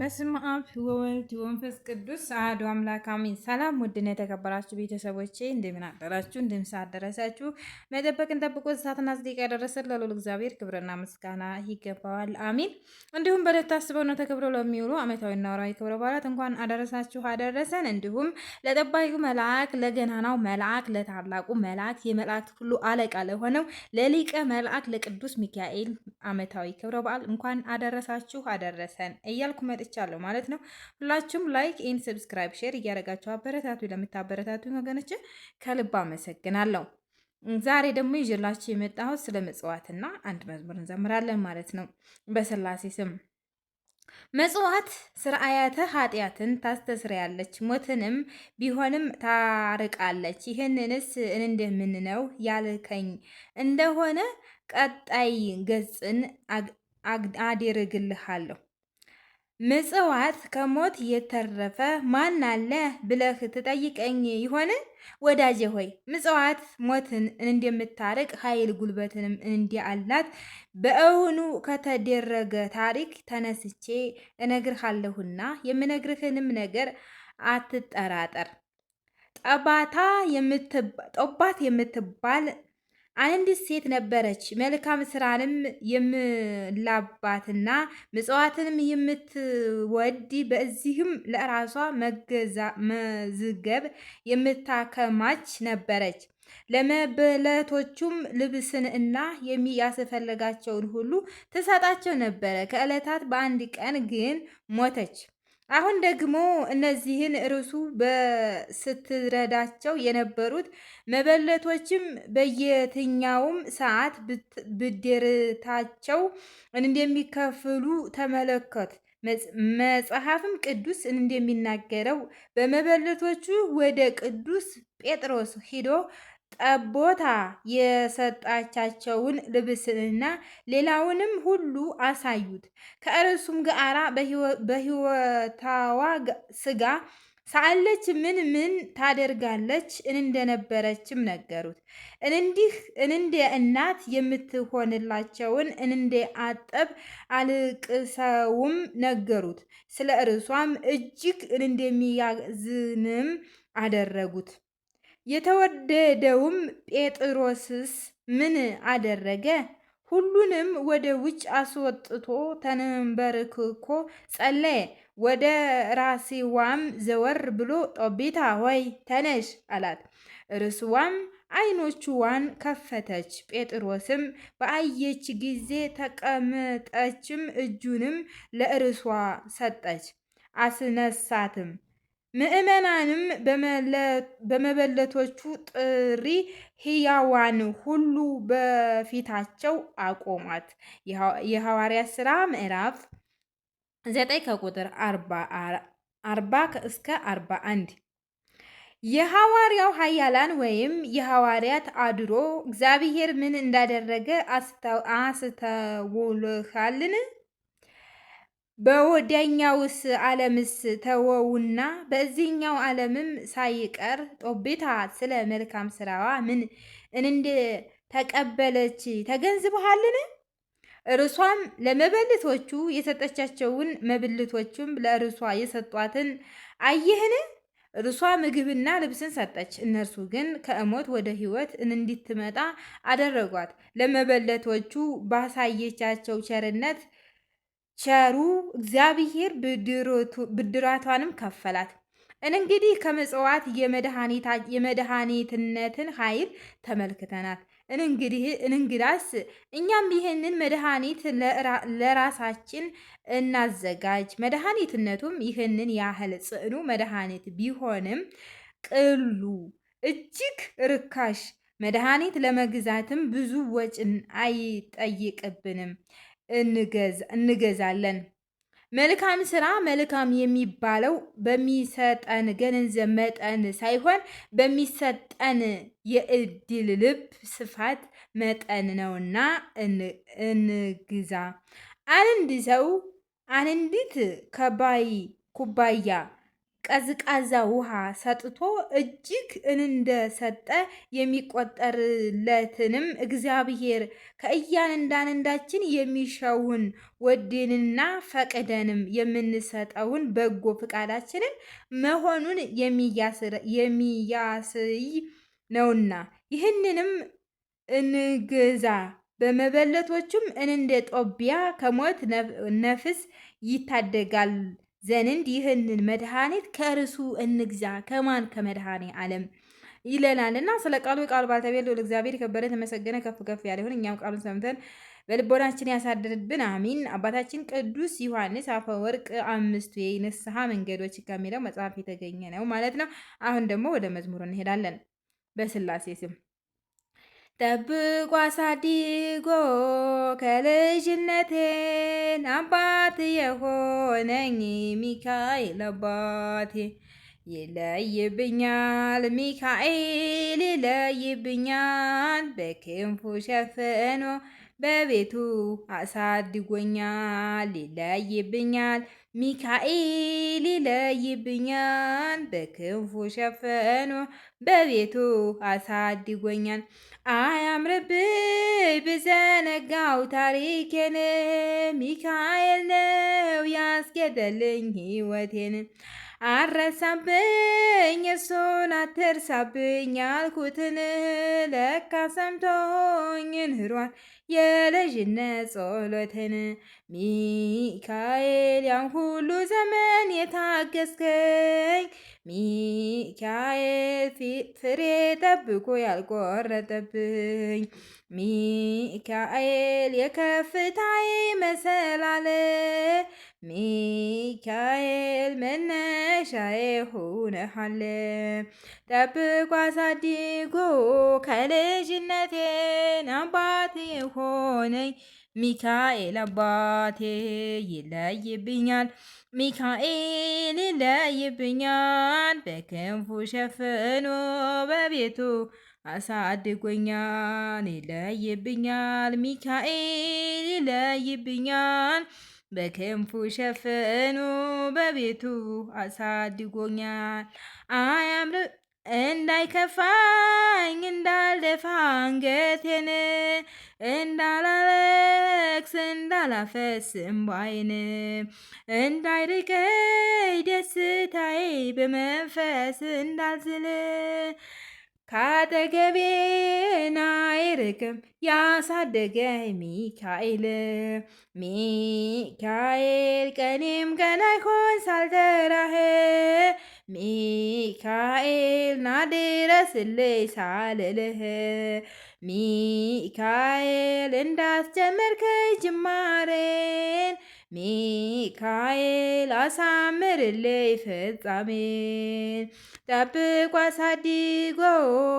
በስመ አብ ወወልድ ወንፈስ ቅዱስ አሐዱ አምላክ አሜን። ሰላም ውድና የተከበራችሁ ቤተሰቦቼ እንደምን አደራችሁ? እንደምን ሰዓት ደረሳችሁ? መጠበቅን ጠብቆ ሰዓትና ጽድቅ ያደረሰን ለልዑል እግዚአብሔር ክብርና ምስጋና ይገባዋል። አሜን። እንዲሁም በዕለቱ ታስበው ነው ተከብረው ለሚውሉ ዓመታዊና ወርሃዊ ክብረ በዓላት እንኳን አደረሳችሁ አደረሰን። እንዲሁም ለጠባዩ መልአክ፣ ለገናናው መልአክ፣ ለታላቁ መልአክ፣ የመላእክት ሁሉ አለቃ ለሆነው ለሊቀ መልአክ ለቅዱስ ሚካኤል ዓመታዊ ክብረ በዓል እንኳን አደረሳችሁ አደረሰን እያልኩ መጥቻለሁ ማለት ነው። ሁላችሁም ላይክ ኢን ሰብስክራይብ ሼር እያደረጋችሁ አበረታቱ። ለምታበረታቱ ወገኖች ከልብ አመሰግናለሁ። ዛሬ ደግሞ ይዤላችሁ የመጣሁት ስለ ምጽዋትና አንድ መዝሙር እንዘምራለን ማለት ነው በስላሴ ስም መጽዋት ስርአያተ ኃጢአትን ታስተስርያለች ሞትንም ቢሆንም ታርቃለች። ይህንንስ እንደምንነው ያልከኝ እንደሆነ ቀጣይ ገጽን አድርግልሃለሁ። ምጽዋት ከሞት የተረፈ ማን አለ ብለህ ትጠይቀኝ ይሆን? ወዳጄ ሆይ ምጽዋት ሞትን እንደምታርቅ ኃይል ጉልበትንም እንዲህ አላት። በእውኑ ከተደረገ ታሪክ ተነስቼ እነግርሃለሁና የምነግርህንም ነገር አትጠራጠር። ጠባታ ጦባት የምትባል አንዲት ሴት ነበረች፣ መልካም ስራንም የምላባትና ምጽዋትንም የምትወድ በዚህም ለራሷ መዝገብ የምታከማች ነበረች። ለመበለቶቹም ልብስን እና የሚያስፈልጋቸውን ሁሉ ትሰጣቸው ነበረ። ከዕለታት በአንድ ቀን ግን ሞተች። አሁን ደግሞ እነዚህን ርሱ በስትረዳቸው የነበሩት መበለቶችም በየትኛውም ሰዓት ብድርታቸው እንደሚከፍሉ ተመለከት። መጽሐፍም ቅዱስ እንደሚናገረው በመበለቶቹ ወደ ቅዱስ ጴጥሮስ ሂዶ ጠቦታ የሰጣቻቸውን ልብስና ሌላውንም ሁሉ አሳዩት። ከእርሱም ጋራ በሕይወታዋ ስጋ ሳለች ምን ምን ታደርጋለች እንደነበረችም ነገሩት። እንዲህ እንደ እናት የምትሆንላቸውን እንደ አጠብ አልቅሰውም ነገሩት። ስለ እርሷም እጅግ እንደሚያዝንም አደረጉት። የተወደደውም ጴጥሮስስ ምን አደረገ? ሁሉንም ወደ ውጭ አስወጥቶ ተንበርክኮ ጸለየ። ወደ ራስዋም ዘወር ብሎ ጦቢታ ሆይ ተነሽ አላት። እርስዋም አይኖችዋን ከፈተች። ጴጥሮስም በአየች ጊዜ ተቀምጠችም፣ እጁንም ለእርሷ ሰጠች፣ አስነሳትም። ምእመናንም በመበለቶቹ ጥሪ ሕያዋን ሁሉ በፊታቸው አቆሟት። የሐዋርያ ሥራ ምዕራፍ ዘጠኝ ከቁጥር አርባ እስከ አርባ አንድ የሐዋርያው ኃያላን ወይም የሐዋርያት አድሮ እግዚአብሔር ምን እንዳደረገ አስተውልሃልን? በወዲያኛውስ ዓለምስ ተወውና በዚህኛው ዓለምም ሳይቀር ጦቢታ ስለ መልካም ስራዋ ምን እንደ ተቀበለች ተገንዝበሃልን? እርሷም ለመበልቶቹ የሰጠቻቸውን መብልቶቹም ለእርሷ የሰጧትን አየህን? እርሷ ምግብና ልብስን ሰጠች፣ እነርሱ ግን ከእሞት ወደ ሕይወት እንድትመጣ አደረጓት። ለመበለቶቹ ባሳየቻቸው ቸርነት ቸሩ እግዚአብሔር ብድራቷንም ከፈላት። እንግዲህ ከመጽዋት የመድኃኒትነትን ኃይል ተመልክተናል። እንግዳስ እኛም ይህንን መድኃኒት ለራሳችን እናዘጋጅ። መድኃኒትነቱም ይህንን ያህል ጽዕኑ መድኃኒት ቢሆንም ቅሉ እጅግ ርካሽ መድኃኒት ለመግዛትም ብዙ ወጭን አይጠይቅብንም። እንገዛለን። መልካም ስራ መልካም የሚባለው በሚሰጠን ገንዘብ መጠን ሳይሆን በሚሰጠን የእድል ልብ ስፋት መጠን ነውና እንግዛ። አንድ ሰው አንዲት ከባይ ኩባያ ቀዝቃዛ ውሃ ሰጥቶ እጅግ እንደሰጠ የሚቆጠርለትንም እግዚአብሔር ከእያንዳንዳችን የሚሻውን ወዴንና ፈቅደንም የምንሰጠውን በጎ ፍቃዳችንን መሆኑን የሚያስይ ነውና ይህንንም እንግዛ። በመበለቶቹም እንደ ጦቢያ ከሞት ነፍስ ይታደጋል። ዘንድ ይህንን መድኃኒት ከእርሱ እንግዛ ከማን ከመድኃኔ ዓለም ይለናል እና ስለ ቃሉ የቃሉ ባልተቤል ልዑል እግዚአብሔር የከበረ ተመሰገነ ከፍ ከፍ ያለ ይሁን። እኛም ቃሉን ሰምተን በልቦናችን ያሳድርብን፣ አሚን። አባታችን ቅዱስ ዮሐንስ አፈወርቅ አምስቱ የንስሐ መንገዶች ከሚለው መጽሐፍ የተገኘ ነው ማለት ነው። አሁን ደግሞ ወደ መዝሙር እንሄዳለን በስላሴ ስም ጠብቆ አሳድጎ ከልጅነቴን አባት የሆነኝ ሚካኤል አባቴ ይለይብኛል ሚካኤል ይለይብኛል በክንፉ ሸፍኖ በቤቱ አሳድጎኛል። ይለይብኛል ሚካኤል ይለይብኛል። በክንፉ ሸፈኖ በቤቱ አሳድጎኛል። አያምርብኝ ብዘነጋው ታሪኬን ሚካኤል ነው ያስጌደልኝ ሕይወቴን አረሳብኝ እሱን አትርሳብኝ ያልኩትን ለካ ሰምቶኝ ንህሯን የልጅነት ጸሎትን ሚካኤል ያን ሁሉ ዘመን የታገስከኝ ሚካኤል ፍሬ ጠብቆ ያልቆረጠብኝ ሚካኤል የከፍታዬ መሰላለ ሚካኤል መነሻዬ ሆነሃል፣ ጠብቆ አሳድጎ ከልጅነቴን አባቴ ሆነኝ ሚካኤል አባቴ ይለይብኛል፣ ሚካኤል ይለይብኛል፣ በክንፉ ሸፍኖ በቤቱ አሳድጎኛል። ይለይብኛል፣ ሚካኤል ይለይብኛል በክንፉ ሸፍኖ በቤቱ አሳድጎኛል። አያምር እንዳይከፋኝ እንዳልደፋ አንገቴን እንዳላለቅስ እንዳላፈስ እምባዬን እንዳይርቀኝ ደስታዬ በመንፈስ እንዳልዝል ካጠገቤና አይርቅም ያሳደገ ሚካኤል ሚካኤል ቀኔም ቀን አይሆን ሳልጠራህ ሚካኤል ናድረስልኝ ሳልልህ ሚካኤል እንዳስጀመርከኝ ጅማሬን ሚካኤል አሳምርልኝ ፍጻሜን፣ ጠብቆ አሳድጎ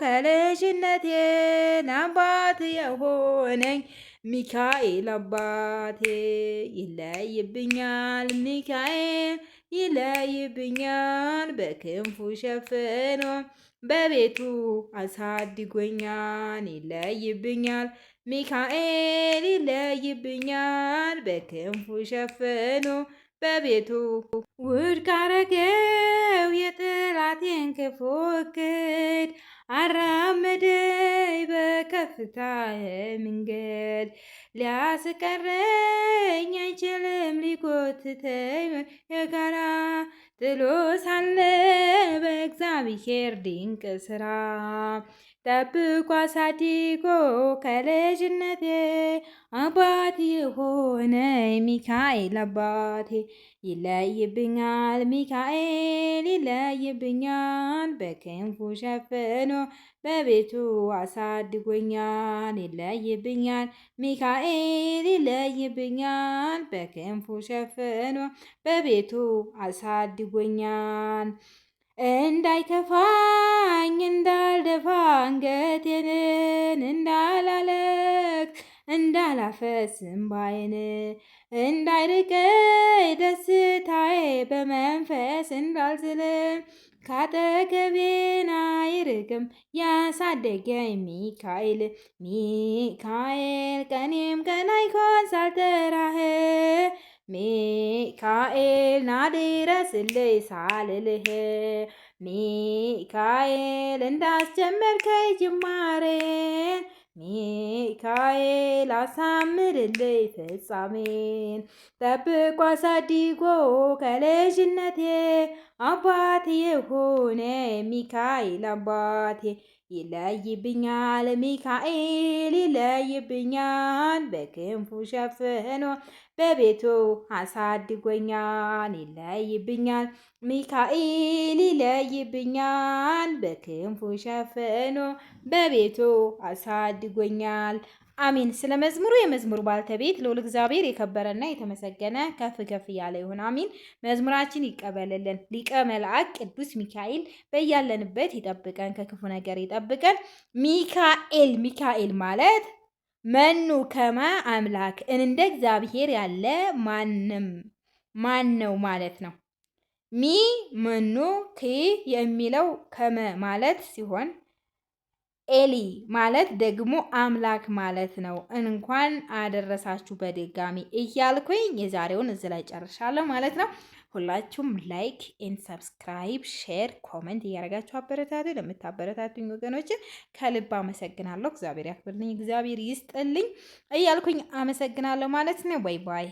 ከልጅነቴ አባት የሆነኝ ሚካኤል አባቴ። ይለይብኛል ሚካኤል ይለይብኛል፣ በክንፉ ሸፍኖ በቤቱ አሳድጎኛል። ይለይብኛል ሚካኤል ይለይብኛል በክንፉ ሸፍኖ በቤቱ ውድቅ አረገው የጥላቴን ክፉ እቅድ አራመደይ በከፍታ መንገድ ሊያስቀረኝ አይችልም ሊጎትተኝ የጋራ ጥሎ ሳለ በእግዚአብሔር ድንቅ ስራ ጠብቆ አሳድጎ ከልጅነቴ አባት የሆነ ሚካኤል አባቴ ይለይብኛል ሚካኤል ይለይብኛል በክንፉ ሸፍኖ በቤቱ አሳድጎኛል ይለይብኛል ሚካኤል ይለይብኛል በክንፉ ሸፍኖ በቤቱ አሳድጎኛል። እንዳይከፋኝ እንዳልደፋ አንገቴን እንዳላለቅስ እንዳላፈስ እምባዬን እንዳይርቀኝ ደስታዬ በመንፈስ እንዳልዝልም ካጠገቤ አይርቅም ያሳደገኝ ሚካኤል ሚካኤል ቀኔም ቀን ሳልጠራህ ሚካኤል ናድረስልይ ሳልልህ ሚካኤል እንዳስጀመርከይ ጅማሬን ሚካኤል አሳምርልኝ ፍጻሜን ጠብቆ አሳድጎ ከልጅነቴ አባቴ የሆነ ሚካኤል አባቴ ይለይብኛል ሚካኤል ይለይብኛል፣ በክንፉ ሸፍኖ በቤቱ አሳድጎኛል። ይለይብኛል ሚካኤል ይለይብኛል፣ በክንፉ ሸፍኖ በቤቱ አሳድጎኛል። አሜን። ስለ መዝሙሩ የመዝሙሩ ባልተቤት ልዑል እግዚአብሔር የከበረና የተመሰገነ ከፍ ከፍ እያለ ይሁን። አሜን። መዝሙራችን ይቀበልልን። ሊቀ መልአክ ቅዱስ ሚካኤል በያለንበት ይጠብቀን፣ ከክፉ ነገር ይጠብቀን። ሚካኤል ሚካኤል ማለት መኑ ከመ አምላክ እንደ እግዚአብሔር ያለ ማንም ማን ነው ማለት ነው። ሚ መኑ ክ የሚለው ከመ ማለት ሲሆን ኤሊ ማለት ደግሞ አምላክ ማለት ነው። እንኳን አደረሳችሁ በድጋሚ እያልኩኝ የዛሬውን እዚህ ላይ ጨርሻለሁ ማለት ነው። ሁላችሁም ላይክ ኤንድ ሰብስክራይብ፣ ሼር፣ ኮመንት እያደረጋችሁ አበረታቱ። ለምታበረታቱኝ ወገኖችን ከልብ አመሰግናለሁ። እግዚአብሔር ያክብርልኝ፣ እግዚአብሔር ይስጥልኝ እያልኩኝ አመሰግናለሁ ማለት ነው። ባይ ባይ።